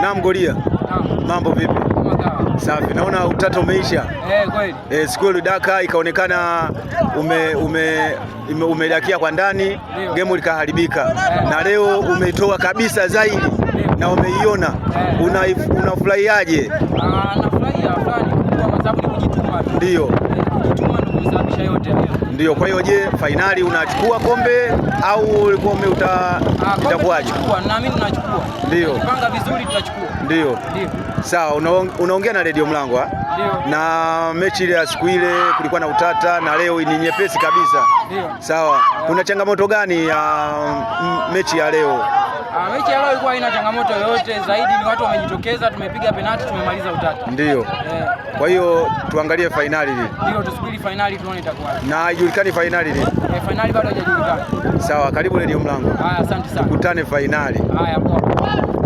Naam Golia. Naam. Mambo vipi? Safi. Naona utata umeisha. Eh, kweli. Eh, siku ile Daka ikaonekana ume, ume, umedakia kwa ndani, game likaharibika. Eh. Na leo umetoa kabisa zaidi Na umeiona eh. unafurahiaje? Una, ah, nafurahia kwa sababu ni kujituma. Ndio kusababisha yote hayo. Ndio, kwa hiyo je, fainali unachukua kombe au ulikuwa ah, umeuta Naamini unachukua. Ndio. Panga vizuri tutachukua. Ndio. Ndio. Sawa, unaongea na Radio Mlango ah? na mechi ile ya siku ile kulikuwa na utata na leo ni nyepesi kabisa. Ndio. Sawa. Kuna changamoto gani ya mechi ya leo? Ah, mechi ya leo ilikuwa haina changamoto yoyote, zaidi ni watu wamejitokeza, tumepiga penalti, tumemaliza utata. Ndio. Eh. Kwa hiyo tuangalie fainali hii. Ndio, tusubiri fainali tuone itakuwa. Na haijulikani fainali lini. Eh, fainali bado haijulikani. Sawa, karibu redio mlango. Haya, asante sana. Kutane fainali. Haya, poa.